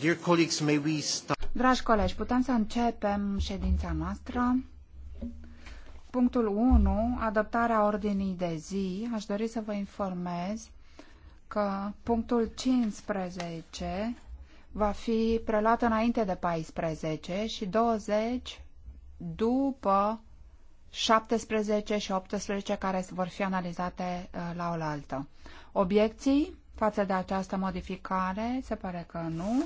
dear colleagues, may we start... Dragi colegi, putem să începem ședința noastră. Punctul 1, adoptarea ordinii de zi. Aș dori să vă informez că punctul 15 va fi preluat înainte de 14 și 20 după 17 și 18 care vor fi analizate uh, la oaltă. Obiecții? față de această modificare? Se pare că nu.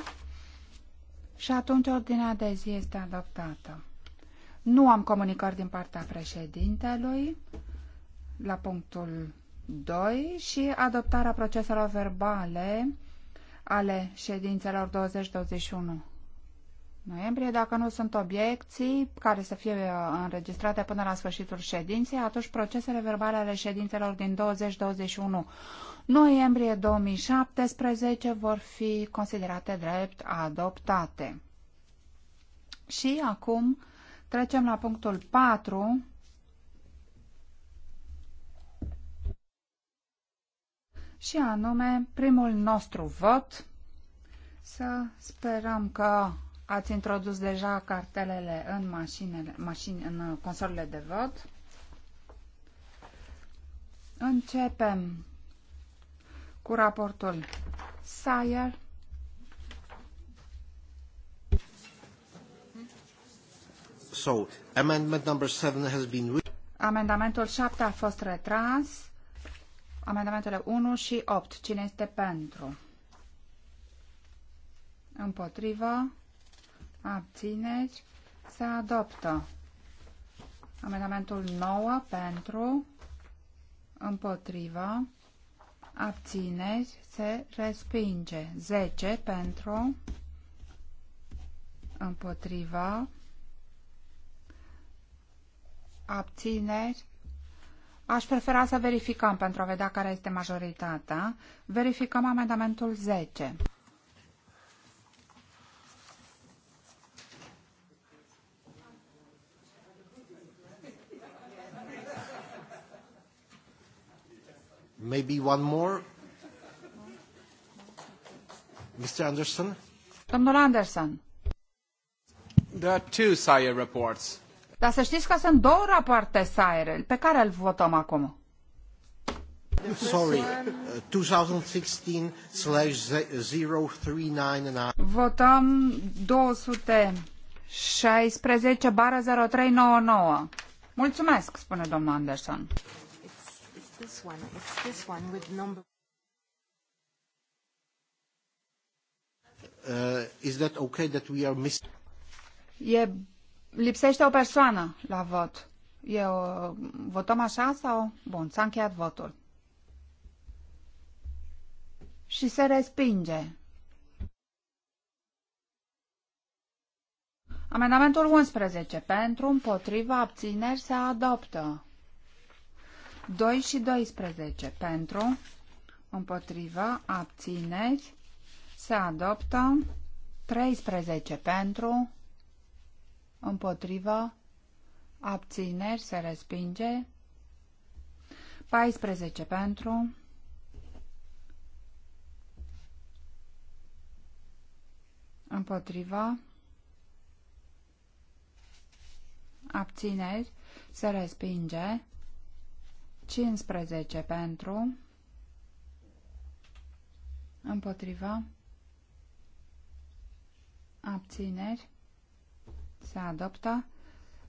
Și atunci ordinea de zi este adoptată. Nu am comunicări din partea președintelui la punctul 2 și adoptarea proceselor verbale ale ședințelor 20-21 noiembrie. Dacă nu sunt obiecții care să fie uh, înregistrate până la sfârșitul ședinței, atunci procesele verbale ale ședințelor din 20-21 noiembrie 2017 vor fi considerate drept adoptate. Și acum trecem la punctul 4 și anume primul nostru vot. Să sperăm că Ați introdus deja cartelele în, mașinele, mașini, în uh, consolele de vot. Începem cu raportul Sayer. So, amendment number seven has been... Amendamentul 7 a fost retras. Amendamentele 1 și 8. Cine este pentru? Împotrivă abțineri, se adoptă. Amendamentul 9 pentru, împotriva, abțineri, se respinge. 10 pentru, împotriva, abțineri. Aș prefera să verificăm pentru a vedea care este majoritatea. Verificăm amendamentul 10. Maybe one more? Mr. Anderson? Domnul Anderson. There are two SIRE reports. Dar să știți că sunt două rapoarte SIRE pe care îl votăm acum. Sorry, 2016 039 Votăm 216 bară 0399. Mulțumesc, spune domnul Anderson this one. It's this one with number. Uh, is that okay that we are missing? E lipsește o persoană la vot. Eu uh, votăm așa sau? Bun, s-a încheiat votul. Și se respinge. Amendamentul 11. Pentru, împotriva, abțineri se adoptă. 2 și 12 pentru, împotrivă, abțineți, se adoptă, 13 pentru, împotrivă, abțineri, se respinge, 14 pentru, împotriva, abțineri, se respinge, 15 pentru, împotriva, abțineri, se adoptă,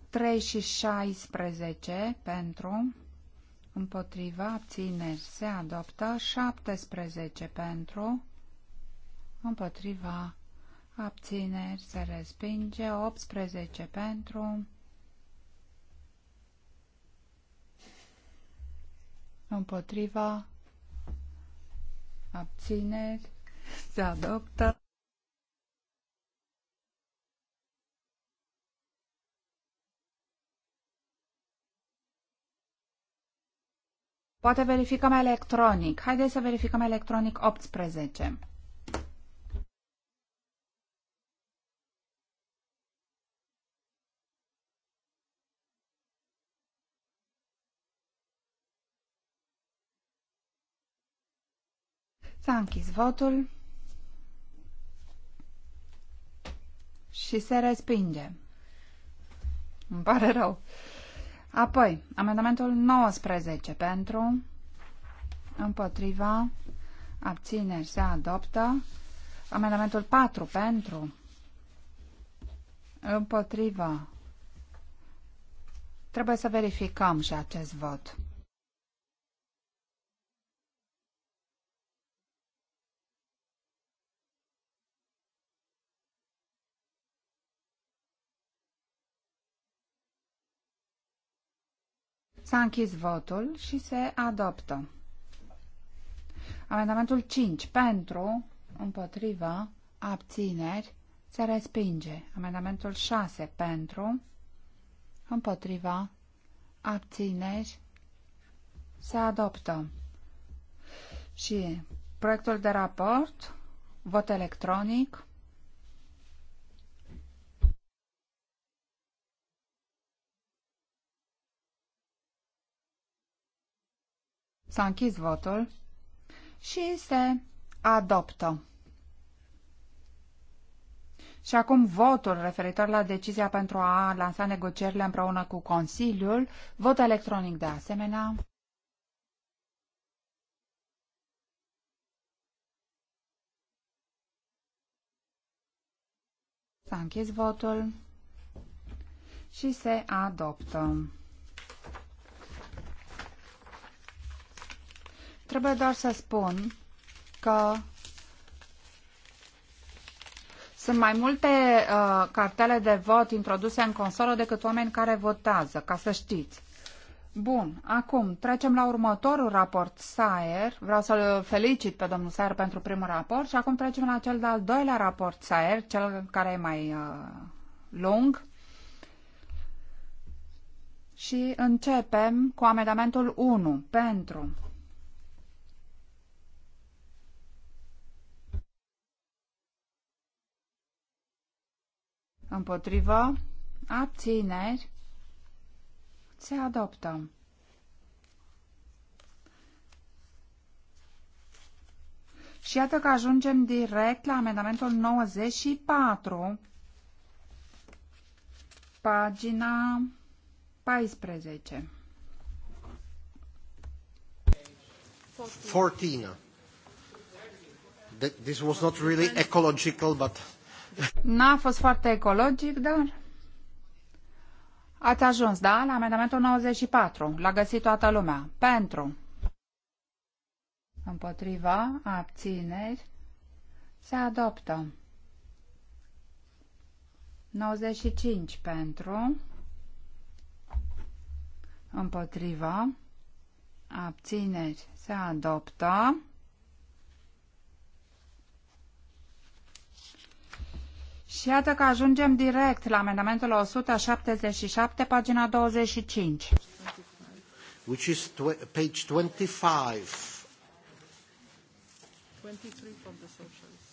3 și 16 pentru, împotriva, abțineri, se adoptă, 17 pentru, împotriva, abțineri, se respinge, 18 pentru, împotriva, abțineri, se adoptă. Poate verificăm electronic. Haideți să verificăm electronic 18. S-a închis votul și se respinge. Îmi pare rău. Apoi, amendamentul 19 pentru, împotriva, abțineri se adoptă. Amendamentul 4 pentru, împotriva. Trebuie să verificăm și acest vot. S-a închis votul și se adoptă. Amendamentul 5. Pentru, împotriva, abțineri, se respinge. Amendamentul 6. Pentru, împotriva, abțineri, se adoptă. Și proiectul de raport, vot electronic, S-a închis votul și se adoptă. Și acum votul referitor la decizia pentru a lansa negocierile împreună cu Consiliul, vot electronic de asemenea. S-a închis votul și se adoptă. Trebuie doar să spun că sunt mai multe uh, cartele de vot introduse în consolă decât oameni care votează, ca să știți. Bun, acum trecem la următorul raport, Saer. Vreau să-l felicit pe domnul Saer pentru primul raport și acum trecem la cel de-al doilea raport, Saer, cel care e mai uh, lung. Și începem cu amendamentul 1 pentru împotrivă, abțineri, se adoptă. Și iată că ajungem direct la amendamentul 94, pagina 14. 14. This was not really ecological, but N-a fost foarte ecologic, dar... Ați ajuns, da? La amendamentul 94. L-a găsit toată lumea. Pentru. Împotriva. Abțineri. Se adoptă. 95 pentru. Împotriva. Abțineri. Se adoptă. Și iată că ajungem direct la amendamentul 177, pagina 25. Which is page 25.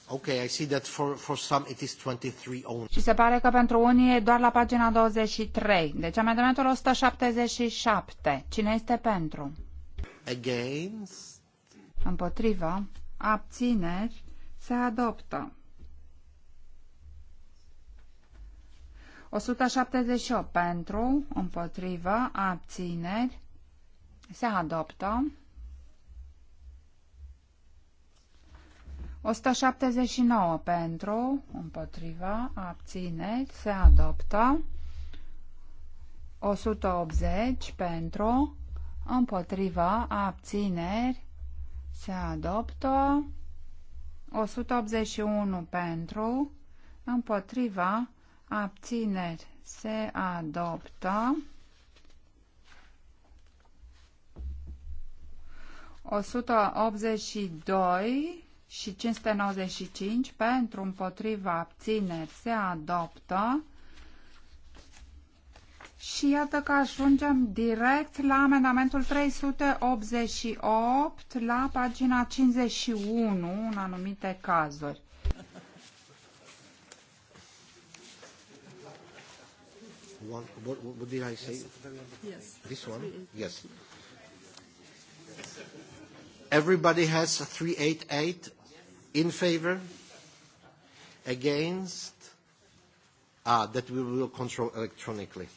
Okay, I see that for, for some it is 23 only. Și se pare că pentru unii e doar la pagina 23. Deci amendamentul 177. Cine este pentru? Against. Împotriva. Abțineri. Se adoptă. 178 pentru, împotrivă, abțineri, se adoptă. 179 pentru, împotrivă, abțineri, se adoptă. 180 pentru, împotrivă, abțineri, se adoptă. 181 pentru, împotriva, abțineri se adoptă. o doi și 595 pentru împotriva abțineri se adoptă. Și iată că ajungem direct la amendamentul 388, la pagina 51, în anumite cazuri. one, what, what did I say? Yes. This one? Yes. Everybody has 388 in favor, against, uh, that we will control electronically.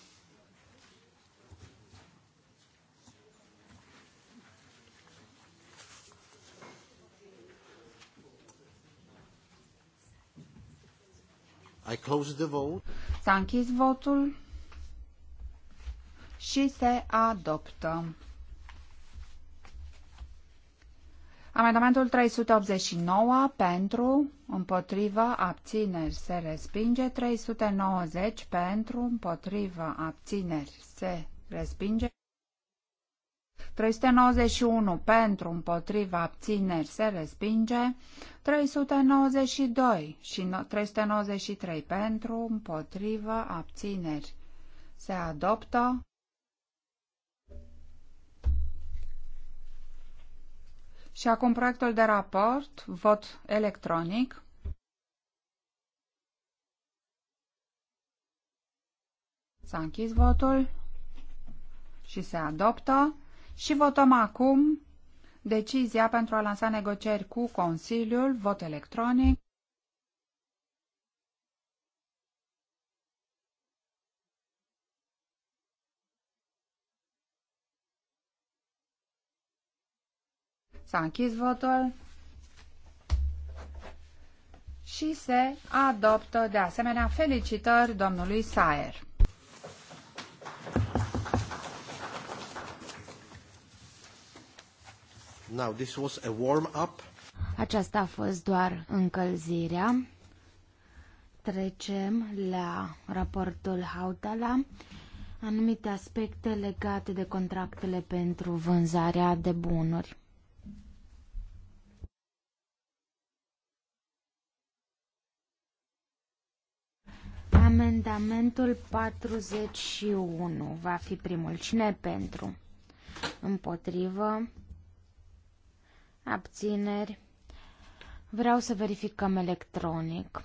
I close the vote. S-a închis votul și se adoptă. Amendamentul 389 pentru, împotriva, abțineri se respinge. 390 pentru, împotriva, abțineri se respinge. 391 pentru, împotriva, abțineri se respinge. 392 și 393 pentru, împotriva, abțineri se adoptă. Și acum proiectul de raport, vot electronic. S-a închis votul și se adoptă și votăm acum decizia pentru a lansa negocieri cu Consiliul, vot electronic. S-a închis votul și se adoptă de asemenea felicitări domnului Saer. Now, this was a warm up. Aceasta a fost doar încălzirea. Trecem la raportul Hautala, anumite aspecte legate de contractele pentru vânzarea de bunuri. Amendamentul 41 va fi primul. Cine pentru? Împotrivă. Abțineri. Vreau să verificăm electronic.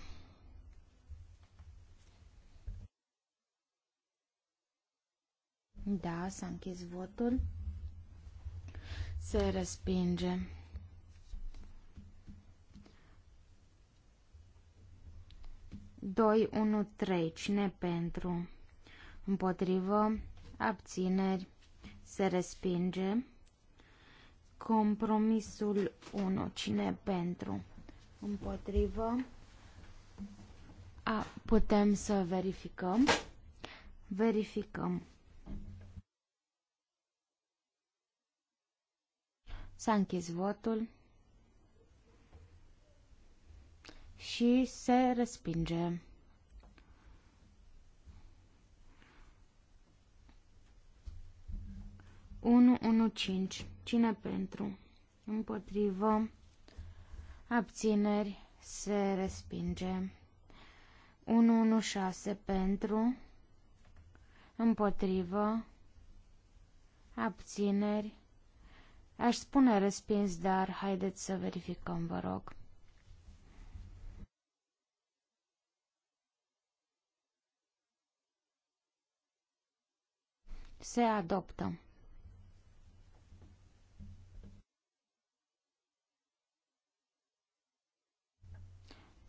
Da, s-a închis votul. Se respinge. 2, 1, 3. Cine pentru? Împotrivă. Abțineri. Se respinge. Compromisul 1. Cine pentru? Împotrivă. A, putem să verificăm. Verificăm. S-a închis votul. și se respinge. Unu, unu, cinci. Cine pentru? Împotrivă. Abțineri. Se respinge. 116 pentru, împotrivă, abțineri. Aș spune respins, dar haideți să verificăm, vă rog. Se adoptă.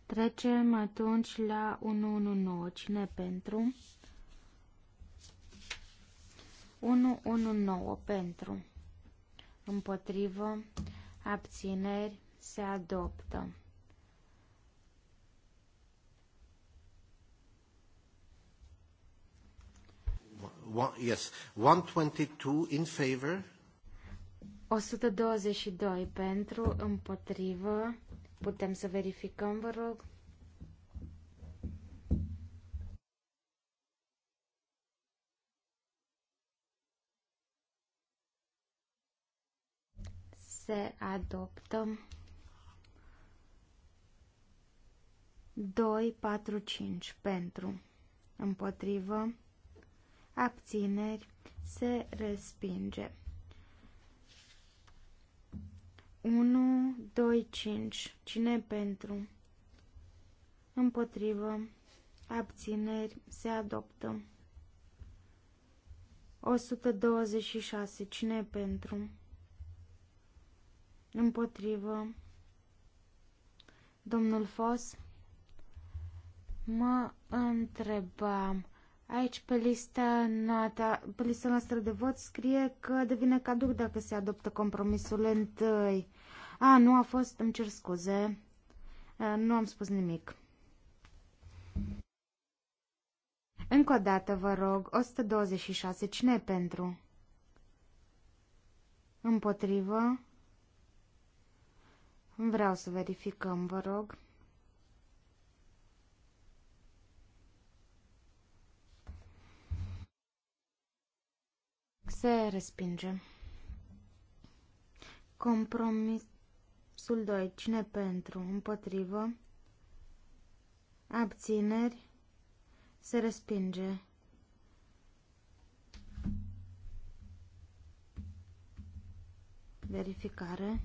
Trecem atunci la 119. Cine pentru? 119 pentru. Împotrivă. Abțineri. Se adoptă. one, yes, 122 in favor. 122 pentru, împotrivă. Putem să verificăm, vă rog. Se adoptă 2, 4, 5 pentru, împotrivă abțineri, se respinge. 1, 2, 5. Cine pentru? Împotrivă. Abțineri. Se adoptă. 126. Cine pentru? Împotrivă. Domnul Fos? Mă întrebam Aici, pe lista, noata, pe lista noastră de vot, scrie că devine caduc dacă se adoptă compromisul întâi. A, nu a fost, îmi cer scuze. Nu am spus nimic. Încă o dată, vă rog, 126, cine e pentru? Împotrivă? Vreau să verificăm, vă rog. Se respinge. Compromisul 2. Cine pentru? Împotrivă. Abțineri. Se respinge. Verificare.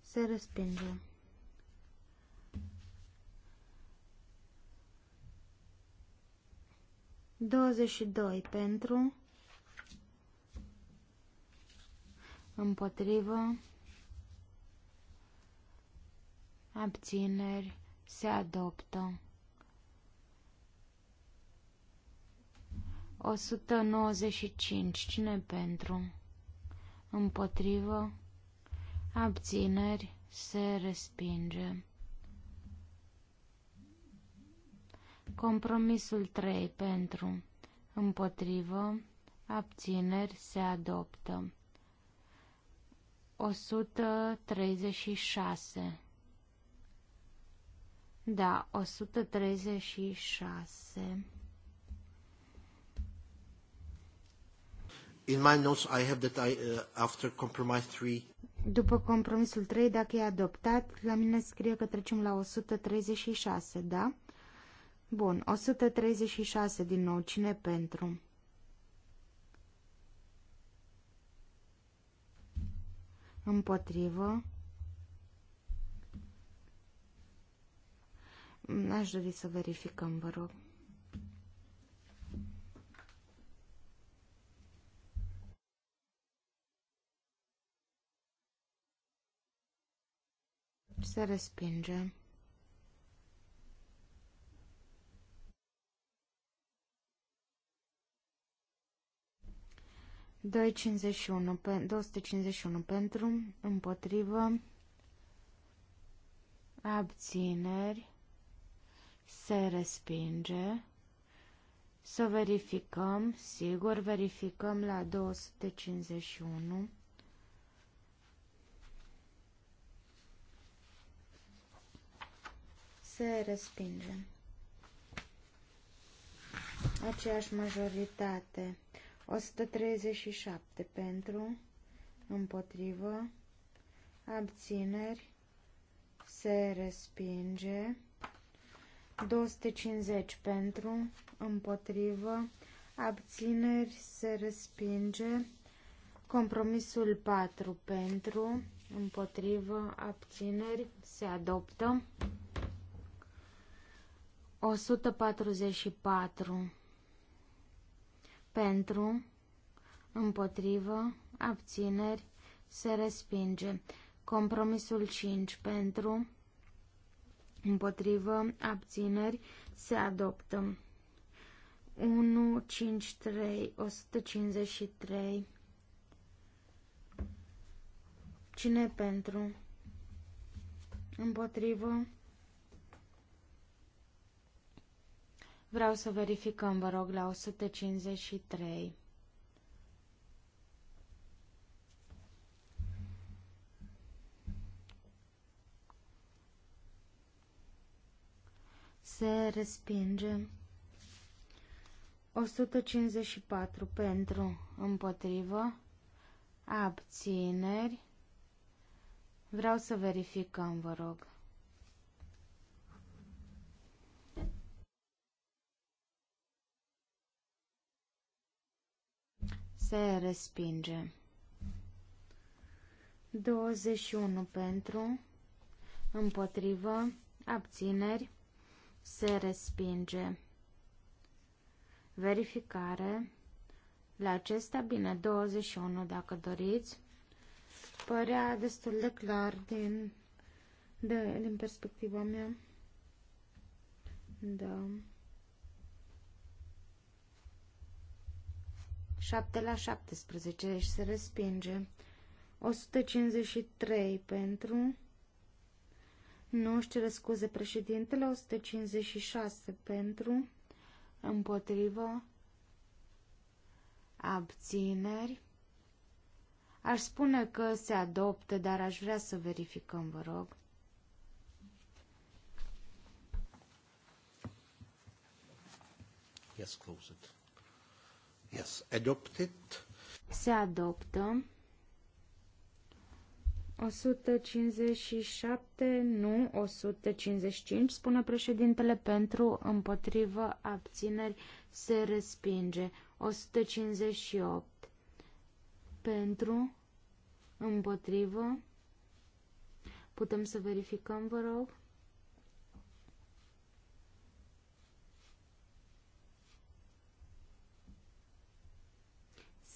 Se respinge. 22 pentru, împotrivă, abțineri, se adoptă. 195. Cine pentru? Împotrivă, abțineri, se respinge. Compromisul 3 pentru, împotrivă, abțineri se adoptă. 136 Da, 136 In my notes I have that I, uh, after compromise 3 După compromisul 3, dacă e adoptat, la mine scrie că trecem la 136, da? Bun, 136 din nou. Cine pentru? Împotrivă. Aș dori să verificăm, vă rog. Se respinge. 251, pe, 251 pentru, împotrivă, abțineri, se respinge. Să verificăm, sigur, verificăm la 251. Se respinge. Aceeași majoritate. 137 pentru, împotrivă, abțineri, se respinge. 250 pentru, împotrivă, abțineri, se respinge. Compromisul 4 pentru, împotrivă, abțineri, se adoptă. 144 pentru, împotrivă, abțineri, se respinge. Compromisul 5 pentru, împotrivă, abțineri, se adoptă. 1, 5, 3, 153. Cine pentru? Împotrivă, Vreau să verificăm, vă rog, la 153. Se respinge. 154 pentru, împotrivă, abțineri. Vreau să verificăm, vă rog. Se respinge. 21 pentru, împotrivă, abțineri, se respinge. Verificare. La acesta, bine, 21 dacă doriți. Părea destul de clar din, de, din perspectiva mea. Da. 7 la 17 și se respinge. 153 pentru... Nu își cere scuze președintele, 156 pentru, împotrivă, abțineri. Aș spune că se adoptă, dar aș vrea să verificăm, vă rog. Yes, close it. Yes, adopted. Se adoptă. 157, nu 155, spune președintele pentru, împotrivă, abțineri, se respinge. 158, pentru, împotrivă, putem să verificăm, vă rog.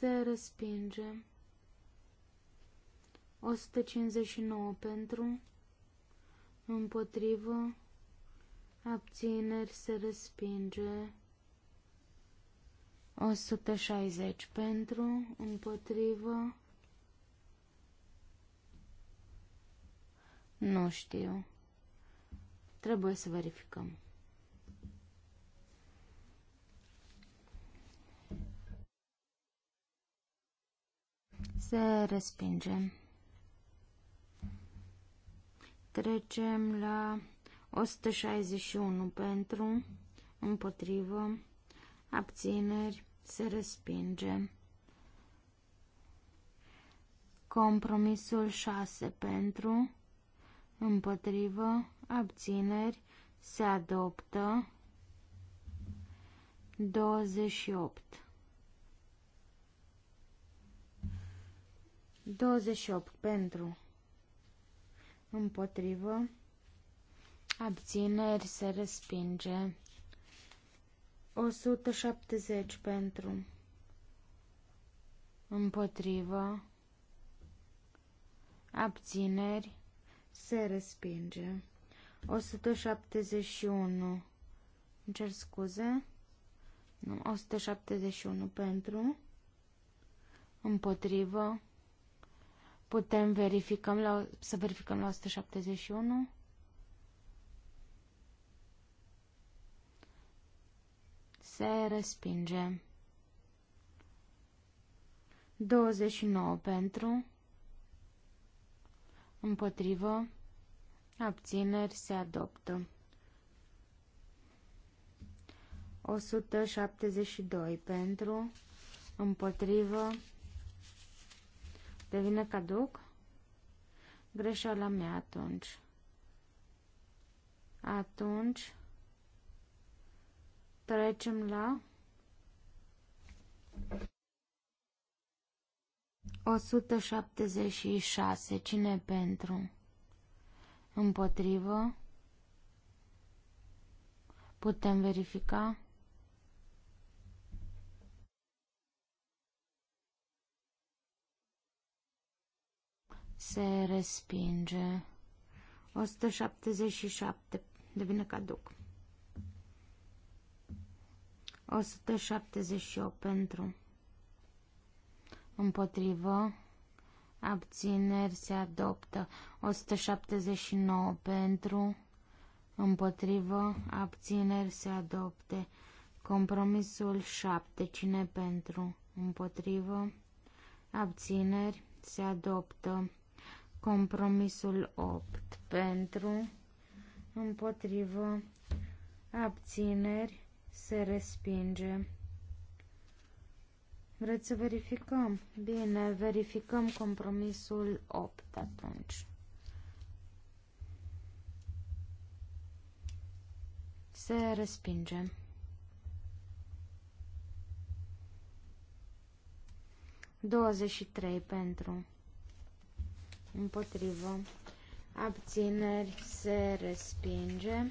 se respinge. 159 pentru, împotrivă, abțineri se respinge. 160 pentru, împotrivă, nu știu. Trebuie să verificăm. Se respinge. Trecem la 161 pentru, împotrivă, abțineri, se respinge. Compromisul 6 pentru, împotrivă, abțineri, se adoptă. 28 28 pentru împotrivă, abțineri se respinge, 170 pentru împotrivă, abțineri se respinge, 171 îmi cer scuze, nu, 171 pentru împotrivă, Putem verificăm la, să verificăm la 171. Se respinge. 29 pentru, împotrivă, abțineri se adoptă. 172 pentru, împotrivă, devine caduc? Greșeala mea atunci. Atunci trecem la 176. Cine pentru? Împotrivă? Putem verifica? se respinge. 177 devine caduc. 178 pentru împotrivă abțineri se adoptă 179 pentru împotrivă abțineri se adopte compromisul 7 cine pentru împotrivă abțineri se adoptă Compromisul 8 pentru, împotrivă, abțineri, se respinge. Vreți să verificăm? Bine, verificăm compromisul 8 atunci. Se respinge. Douăzeci și trei pentru împotrivă, abțineri se respinge.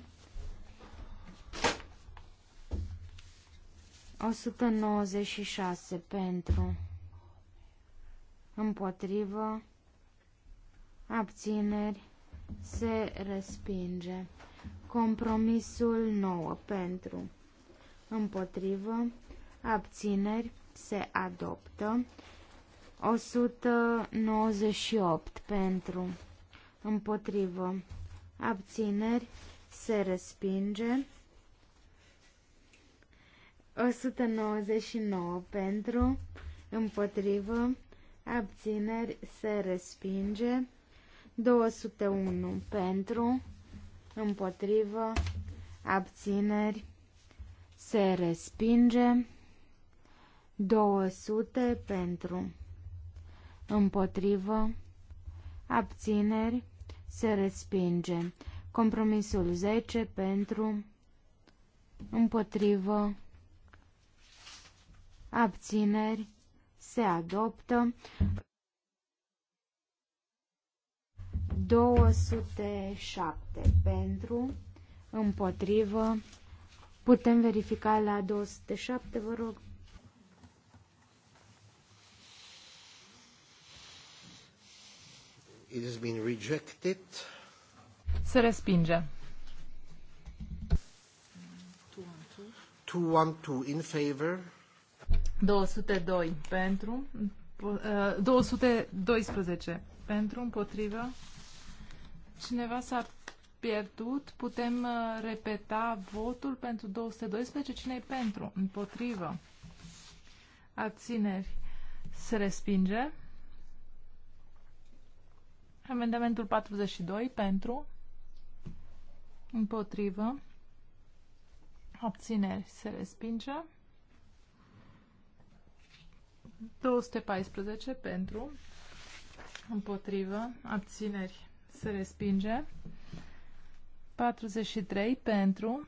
196 pentru, împotrivă, abțineri se respinge. Compromisul 9 pentru, împotrivă, abțineri se adoptă. 198 pentru, împotrivă, abțineri, se respinge. 199 pentru, împotrivă, abțineri, se respinge. 201 pentru, împotrivă, abțineri, se respinge. 200 pentru împotrivă, abțineri, se respinge. Compromisul 10 pentru, împotrivă, abțineri, se adoptă. 207 pentru, împotrivă, putem verifica la 207, vă rog. It has been rejected. Se respinge. 212 in favor. 202 pentru. 212 uh, pentru, împotrivă. Cineva s-a pierdut. Putem uh, repeta votul pentru 212. Cine e pentru? Împotrivă. Abțineri. Se respinge. Amendamentul 42 pentru, împotrivă, abțineri se respinge. 214 pentru, împotrivă, abțineri se respinge. 43 pentru,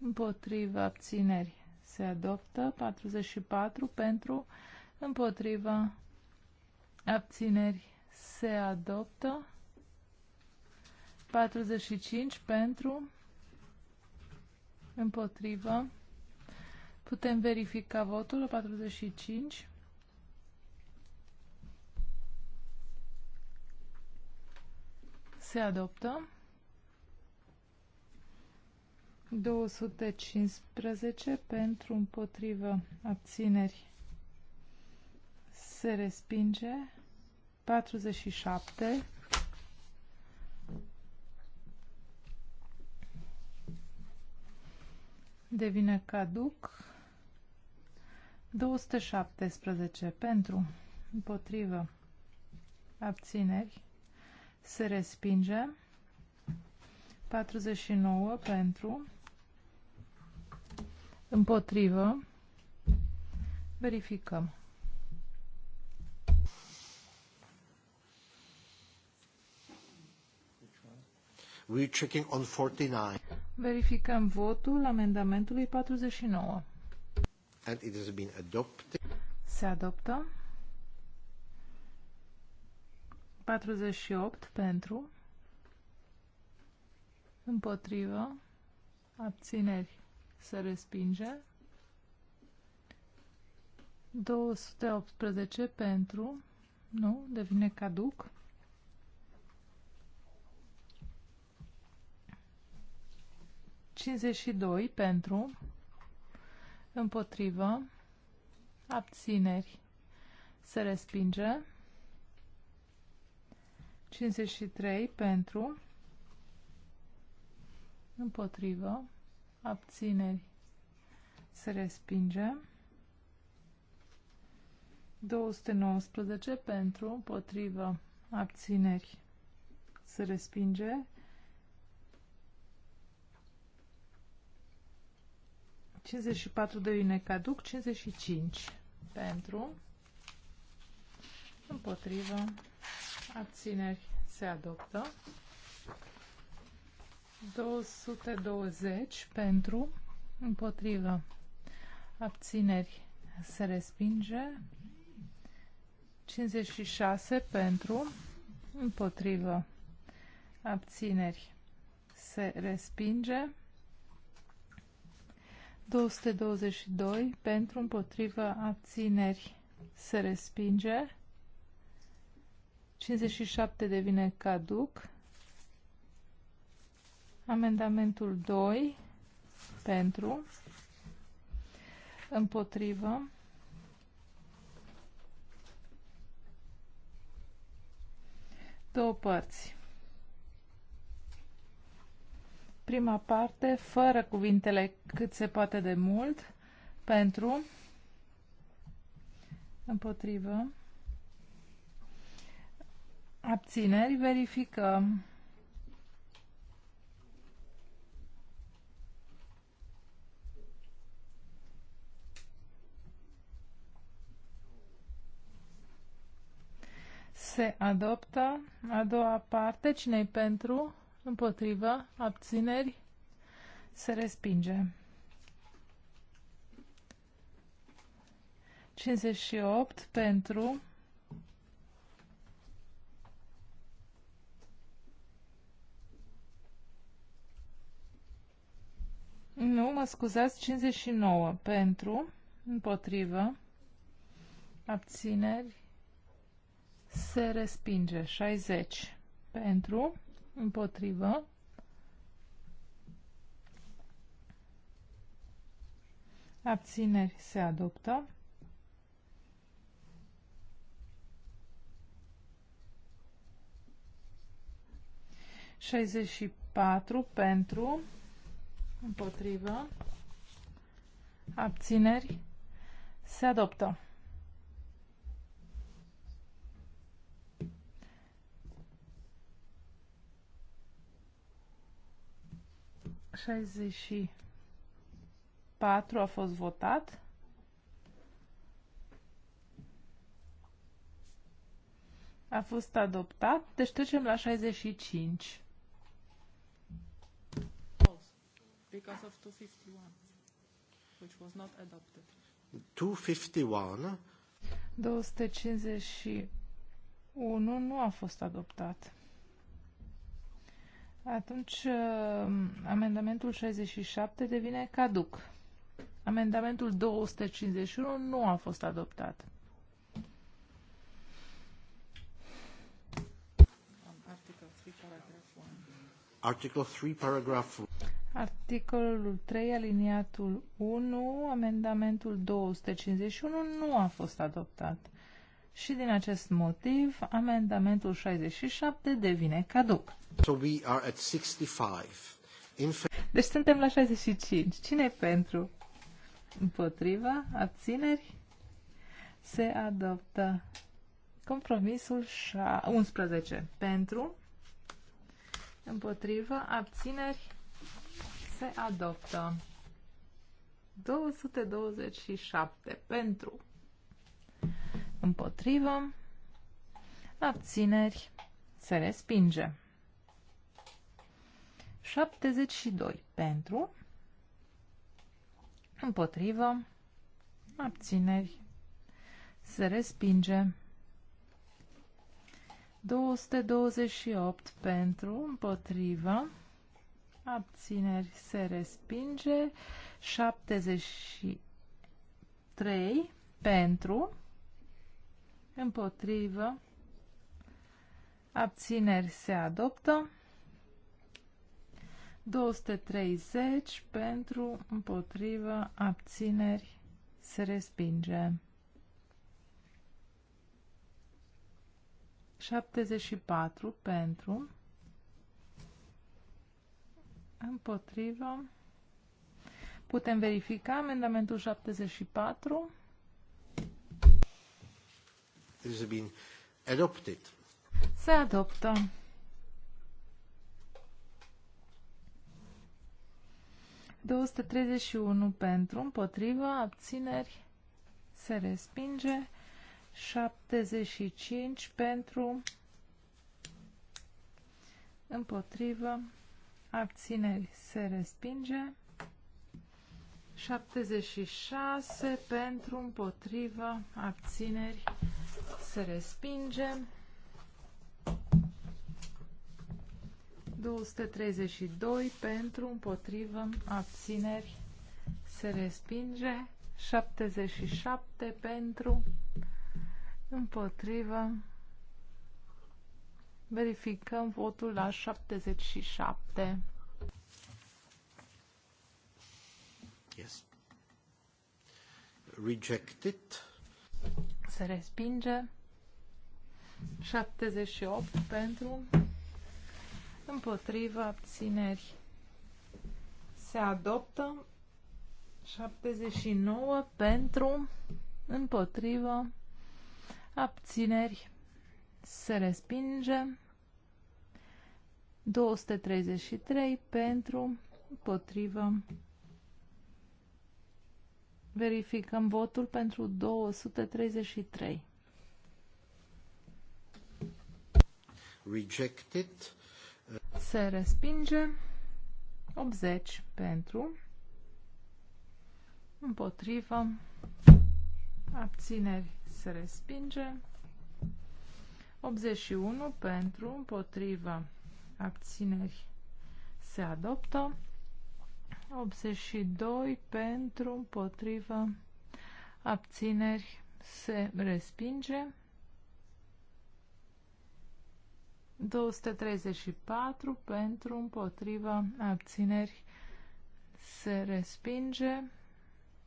împotrivă, abțineri se adoptă. 44 pentru, împotrivă, abțineri se adoptă. 45 pentru, împotrivă. Putem verifica votul la 45. Se adoptă. 215 pentru împotrivă abțineri se respinge. 47 devine caduc 217 pentru împotrivă abțineri se respinge 49 pentru împotrivă verificăm on 49. Verificăm votul amendamentului 49. And it has been adopted. Se adoptă. 48 pentru. Împotrivă. Abțineri. Se respinge. 218 pentru. Nu, devine caduc. 52 pentru, împotrivă, abțineri, se respinge. 53 pentru, împotrivă, abțineri, se respinge. 219 pentru, împotrivă, abțineri, se respinge. 54 devine caduc, 55 pentru, împotrivă, abțineri se adoptă, 220 pentru, împotrivă, abțineri se respinge, 56 pentru, împotrivă, abțineri se respinge, 222 pentru împotriva abțineri se respinge. 57 devine caduc. Amendamentul 2 pentru împotrivă două părți. prima parte, fără cuvintele cât se poate de mult, pentru, împotrivă, abțineri, verificăm. Se adoptă a doua parte. cine pentru? împotrivă, abțineri, se respinge. 58 pentru Nu, mă scuzați, 59 pentru, împotrivă, abțineri, se respinge, 60 pentru, împotrivă, abțineri se adoptă. Șaizeci și patru pentru, împotrivă, abțineri se adoptă. 64 a fost votat. A fost adoptat. Deci trecem la 65. Because of 251, which was not adopted. 251. 251 nu a fost adoptat. Atunci, uh, amendamentul 67 devine caduc. Amendamentul 251 nu a fost adoptat. Article 3, paragraph... Articolul 3, aliniatul 1, amendamentul 251 nu a fost adoptat și din acest motiv amendamentul 67 devine caduc. So we are at 65. In... Deci suntem la 65. Cine e pentru? Împotriva? Abțineri? Se adoptă. Compromisul 11. Pentru? Împotriva? Abțineri? Se adoptă. 227. Pentru? împotrivă, abțineri, se respinge. 72 pentru, împotrivă, abțineri, se respinge. 228 pentru, împotrivă, abțineri, se respinge. 73 pentru, împotrivă, abțineri se adoptă, 230 pentru, împotrivă, abțineri se respinge. 74 pentru, împotrivă, putem verifica amendamentul 74, It has been adopted. Se adoptă. unu pentru, împotriva abțineri, se respinge. 75 pentru, împotrivă, abțineri, se respinge. 76 pentru, împotrivă, abțineri, se respinge. 232 pentru, împotrivă, abțineri, se respinge. 77 pentru, împotrivă, verificăm votul la 77. Yes. Rejected. Se respinge. 78 pentru, împotrivă, abțineri se adoptă. 79 pentru, împotrivă, abțineri se respinge. 233 pentru, împotrivă. Verificăm votul pentru 233. rejected. Se respinge 80 pentru, împotrivă, abțineri se respinge, 81 pentru, împotrivă, abțineri se adoptă, 82 pentru, împotrivă, abțineri se respinge, 234 pentru, împotriva, abțineri, se respinge.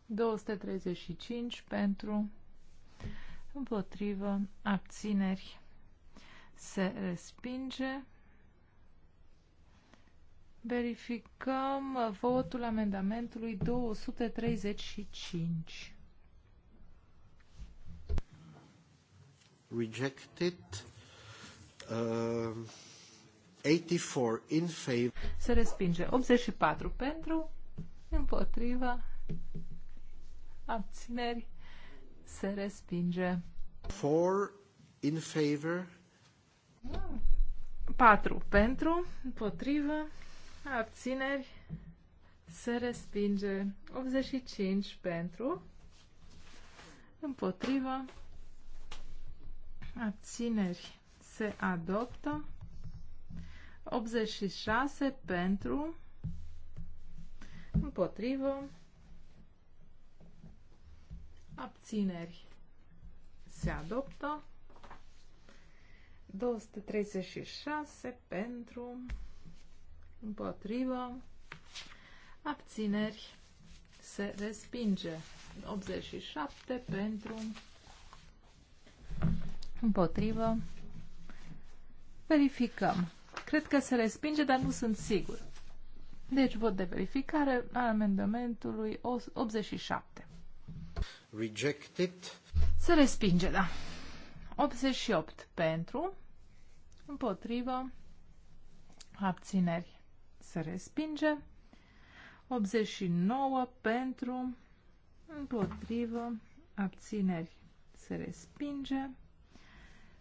235 pentru, împotriva abțineri, se respinge. Verificăm votul amendamentului 235. Rejected. 84 uh, in favor. Se respinge. 84 pentru, împotriva, abțineri, se respinge. 4 in favor. 4 pentru, împotriva, abțineri, se respinge. 85 pentru, împotriva, abțineri se adoptă. 86 pentru, împotrivă, abțineri se adoptă. 236 pentru, împotrivă, abțineri se respinge. 87 pentru, împotrivă, Verificăm. Cred că se respinge, dar nu sunt sigur. Deci, vot de verificare al amendamentului 87. Rejected. Se respinge, da. 88 pentru, împotrivă, abțineri. Se respinge. 89 pentru, împotrivă, abțineri. Se respinge.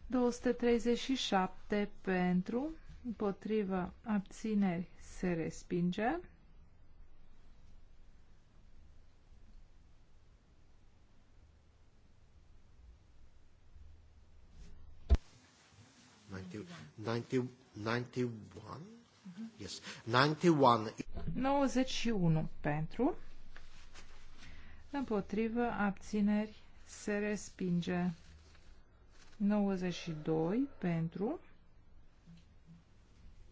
237 pentru, împotrivă abțineri se respinge. Ninety, ninety one? Yes. 91. 91 pentru, împotrivă abțineri se respinge. 92 pentru,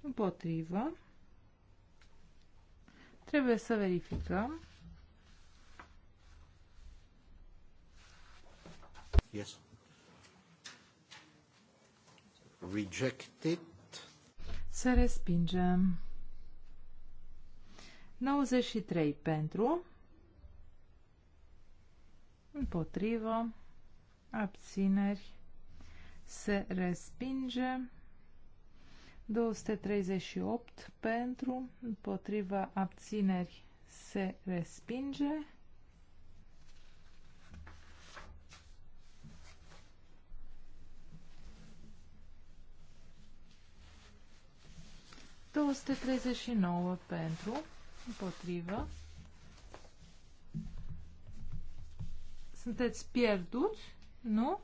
împotrivă. Trebuie să verificăm. Yes. Rejected. Să respingem. 93 pentru, împotrivă, abțineri se respinge. 238 pentru, împotriva abțineri se respinge. Douăste treizeci și nouă pentru, împotrivă. Sunteți pierduți, nu?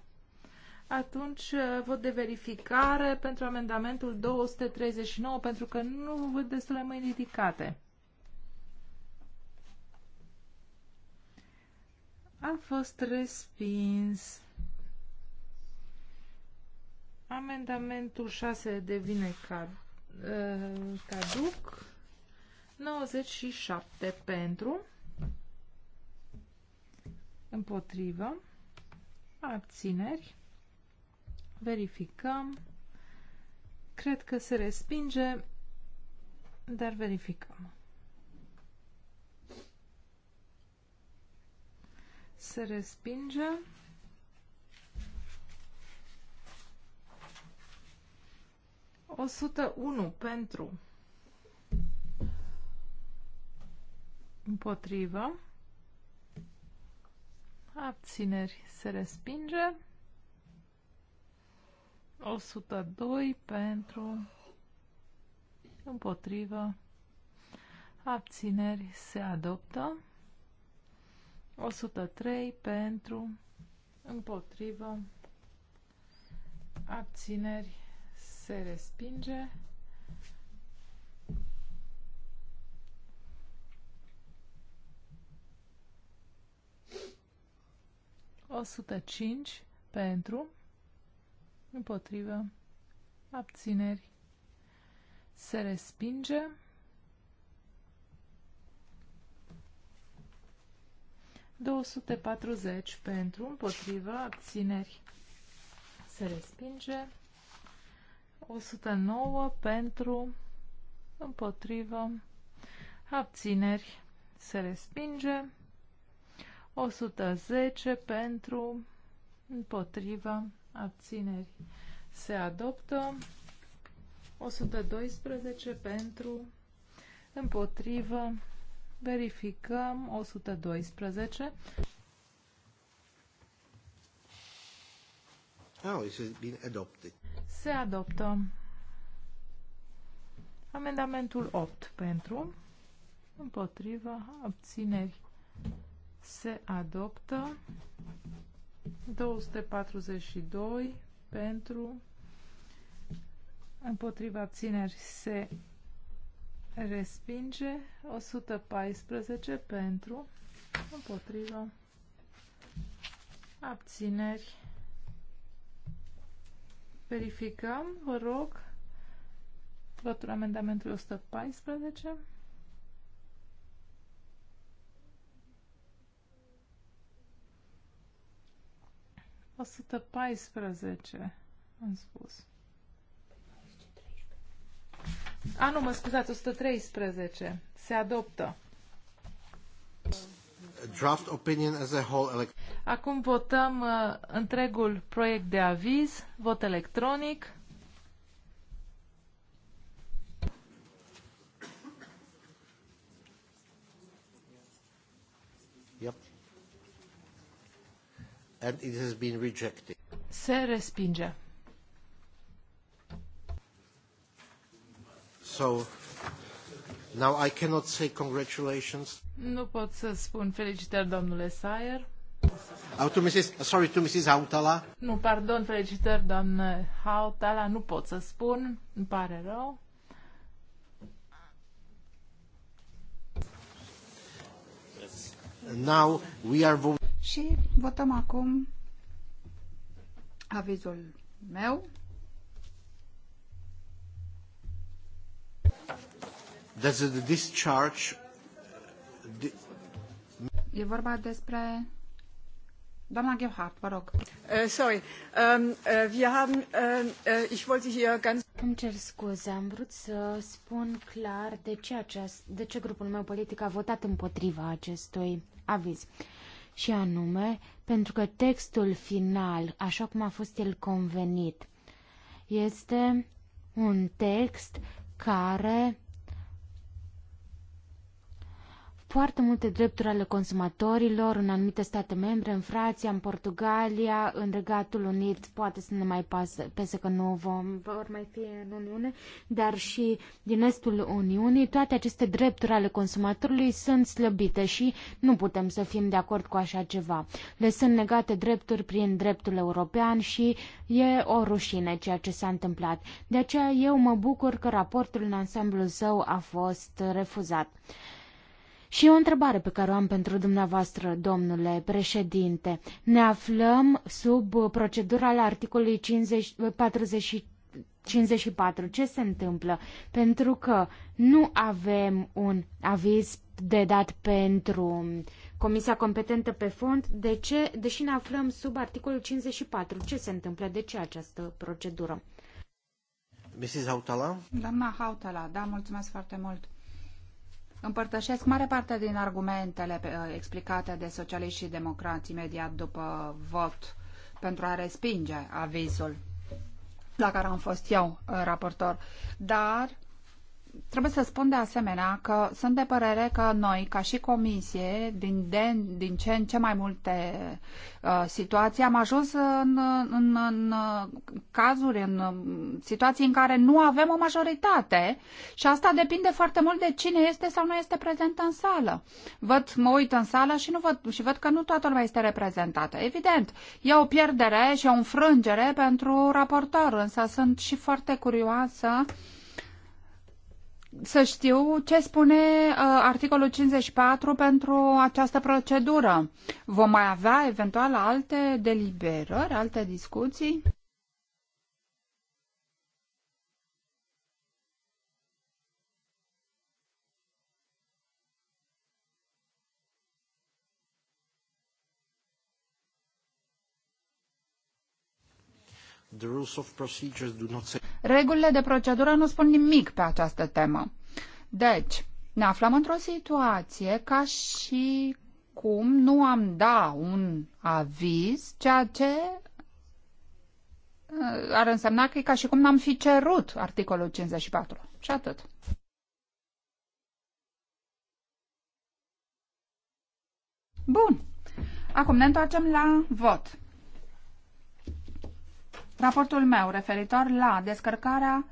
Atunci uh, vot de verificare pentru amendamentul 239 pentru că nu văd destule mâini ridicate. A fost respins. Amendamentul 6 devine uh, caduc. 97 pentru. Împotrivă. Abțineri. Verificăm. Cred că se respinge, dar verificăm. Se respinge. O sută unu pentru împotrivă abțineri se respinge 102 pentru, împotrivă, abțineri se adoptă. 103 pentru, împotrivă, abțineri se respinge. O sută cinci pentru împotrivă, abțineri, se respinge. ...240 pentru, împotrivă, abțineri, se respinge. nouă pentru, împotrivă, abțineri, se respinge. 110 pentru, împotrivă, abțineri se adoptă. 112 pentru, împotrivă, verificăm 112. Oh, this has been adopted. Se adoptă. Amendamentul 8 pentru, împotrivă, abțineri se adoptă. 242 pentru, împotriva țineri se respinge, 114 pentru, împotriva abțineri. Verificăm, vă rog, votul amendamentului 114. 114, am spus. A, nu, mă scuzați, 113. Se adoptă. Draft opinion as a whole Acum votăm uh, întregul proiect de aviz, vot electronic. and it has been rejected. Se respinge. So now I cannot say congratulations. Nu pot să spun felicitări domnule Sayer. Oh, to Mrs. Sorry, to Mrs. Hautala. Nu, pardon, felicitări doamnă Hautala, nu pot să spun, îmi pare rău. Now we are și votăm acum avizul meu. That's the discharge. E vorba despre Doamna Gebhardt, vă rog. Uh, sorry, um, uh, wir haben, uh, uh, ich wollte hier ganz... Îmi cer scuze, am vrut să spun clar de ce, aceast, de ce grupul meu politic a votat împotriva acestui aviz. Uh, și anume pentru că textul final, așa cum a fost el convenit, este un text care foarte multe drepturi ale consumatorilor în anumite state membre, în Franția, în Portugalia, în Regatul Unit, poate să ne mai pasă, pese că nu vom, vor mai fi în Uniune, dar și din estul Uniunii, toate aceste drepturi ale consumatorului sunt slăbite și nu putem să fim de acord cu așa ceva. Le sunt negate drepturi prin dreptul european și e o rușine ceea ce s-a întâmplat. De aceea eu mă bucur că raportul în ansamblul său a fost refuzat. Și o întrebare pe care o am pentru dumneavoastră, domnule președinte. Ne aflăm sub procedura la articolului 50, 40, 54. Ce se întâmplă? Pentru că nu avem un aviz de dat pentru Comisia competentă pe fond, de ce, deși ne aflăm sub articolul 54, ce se întâmplă, de ce această procedură? Mrs. Hautala? Doamna Hautala, da, mulțumesc foarte mult. Împărtășesc mare parte din argumentele uh, explicate de socialiști și democrați imediat după vot pentru a respinge avizul la care am fost eu uh, raportor, dar Trebuie să spun de asemenea că sunt de părere că noi, ca și comisie, din, de, din ce în ce mai multe uh, situații, am ajuns în, în, în uh, cazuri, în um, situații în care nu avem o majoritate și asta depinde foarte mult de cine este sau nu este prezent în sală. Văd, mă uit în sală și, nu văd, și văd că nu toată lumea este reprezentată. Evident, e o pierdere și o înfrângere pentru raportor, însă sunt și foarte curioasă uh, să știu ce spune uh, articolul 54 pentru această procedură. Vom mai avea eventual alte deliberări, alte discuții? Regulile de procedură nu spun nimic pe această temă. Deci, ne aflăm într-o situație ca și cum nu am da un aviz, ceea ce uh, ar însemna că e ca și cum n-am fi cerut articolul 54. Și atât. Bun. Acum ne întoarcem la vot. Raportul meu referitor la descărcarea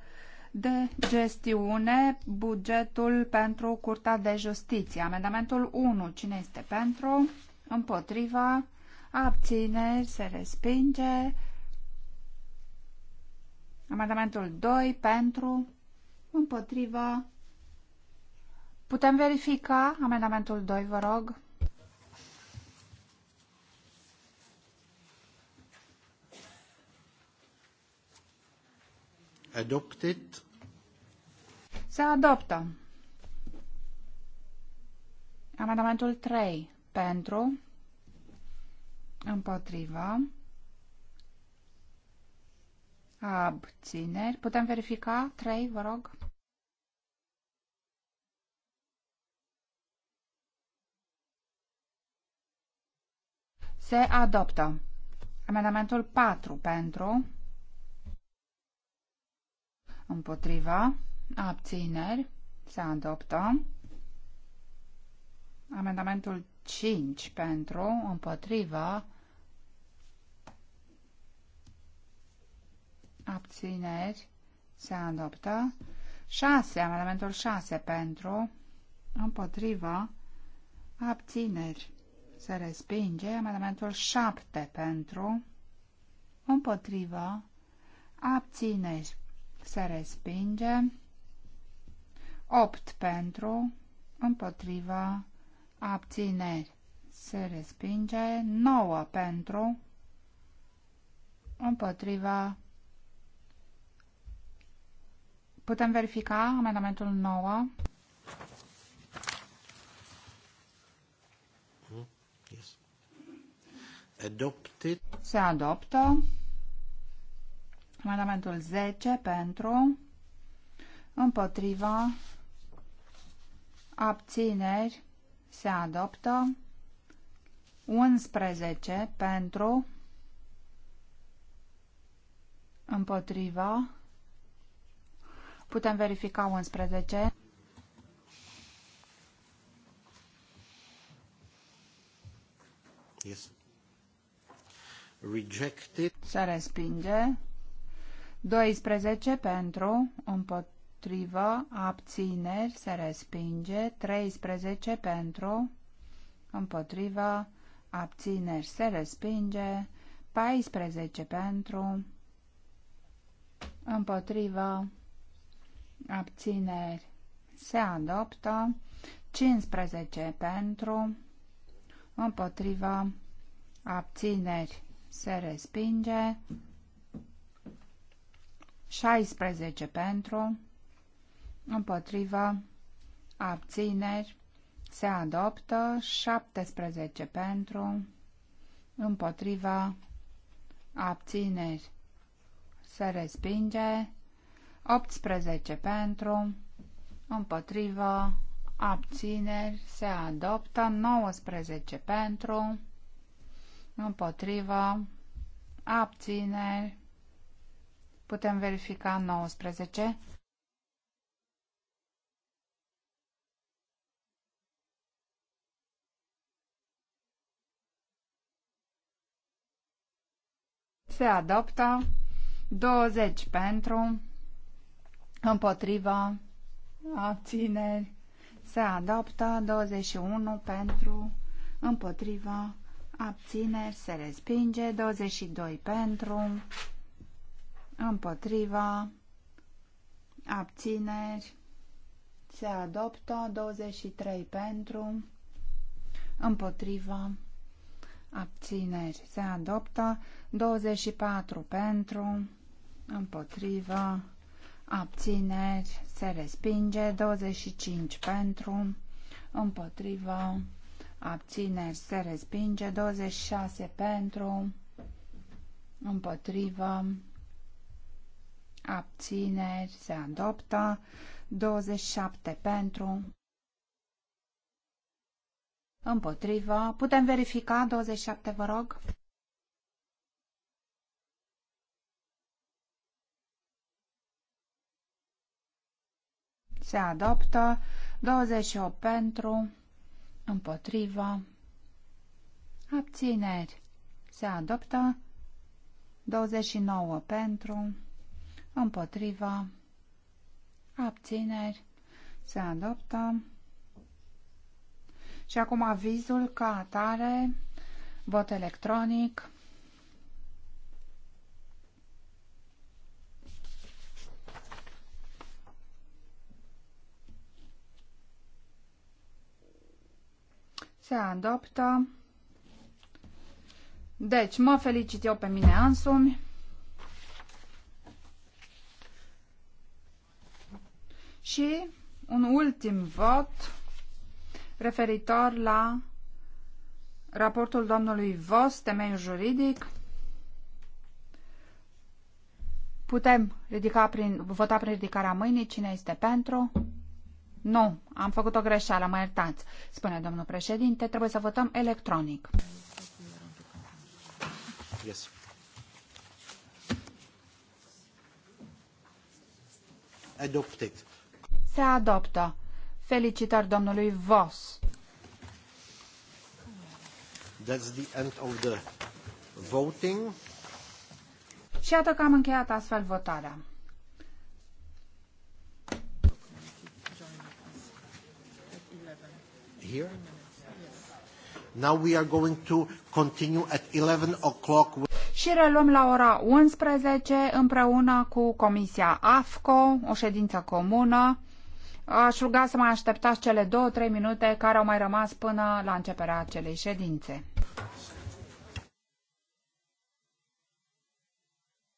de gestiune, bugetul pentru Curtea de Justiție. Amendamentul 1. Cine este pentru? Împotriva? Abțineri? Se respinge? Amendamentul 2. Pentru? Împotriva? Putem verifica amendamentul 2, vă rog? Adopted. Se adoptă. Amendamentul 3. Pentru. Împotriva. Abțineri. Putem verifica? 3, vă rog. Se adoptă. Amendamentul 4 pentru, împotriva, abțineri, se adoptă. Amendamentul 5 pentru, împotriva, abțineri, se adoptă. 6, amendamentul 6 pentru, împotriva, abțineri, se respinge. Amendamentul 7 pentru, împotriva, abțineri, se respinge. 8 pentru, împotriva, abțineri, se respinge. 9 pentru, împotriva, putem verifica amendamentul 9. Hmm? Adopted. Se adoptă. Amendamentul 10 pentru, împotriva, abțineri, se adoptă. 11 pentru, împotriva, putem verifica 11. Yes. Rejected. Se respinge. 12 pentru, împotrivă, abțineri, se respinge. 13 pentru, împotrivă, abțineri, se respinge. 14 pentru, împotrivă, abțineri, se adoptă. 15 pentru, împotrivă, abțineri, se respinge. 16 pentru, împotrivă, abțineri, se adoptă 17 pentru, împotriva, abțineri, se respinge 18 pentru, împotriva, abțineri, se adoptă 19 pentru, împotriva, abțineri, Putem verifica 19. Se adoptă 20 pentru, împotriva, abțineri. Se adoptă 21 pentru, împotriva, abțineri. Se respinge 22 pentru, împotriva, abțineri, se adoptă 23 pentru, împotriva, abțineri, se adoptă 24 pentru, împotriva, abțineri, se respinge 25 pentru, împotriva, abțineri, se respinge 26 pentru, împotriva, abțineri, se adoptă, 27 pentru, împotrivă, putem verifica 27, vă rog. Se adoptă, 28 pentru, împotrivă, abțineri, se adoptă, 29 pentru, împotriva, abțineri, se adoptă. Și acum avizul ca atare, vot electronic. Se adoptă. Deci, mă felicit eu pe mine însumi. Și un ultim vot referitor la raportul domnului Vos, temeiul juridic. Putem ridica prin, vota prin ridicarea mâinii. Cine este pentru? Nu, am făcut o greșeală, mă iertați, spune domnul președinte. Trebuie să votăm electronic. Yes. Adopted. Se adoptă. Felicitări domnului Vos. That's the end of the voting. Și iată că am încheiat astfel votarea. Here? Now we are going to continue at 11 o'clock. Și reluăm la ora 11 împreună cu Comisia AFCO, o ședință comună Aș ruga să mai așteptați cele două-trei minute care au mai rămas până la începerea acelei ședințe.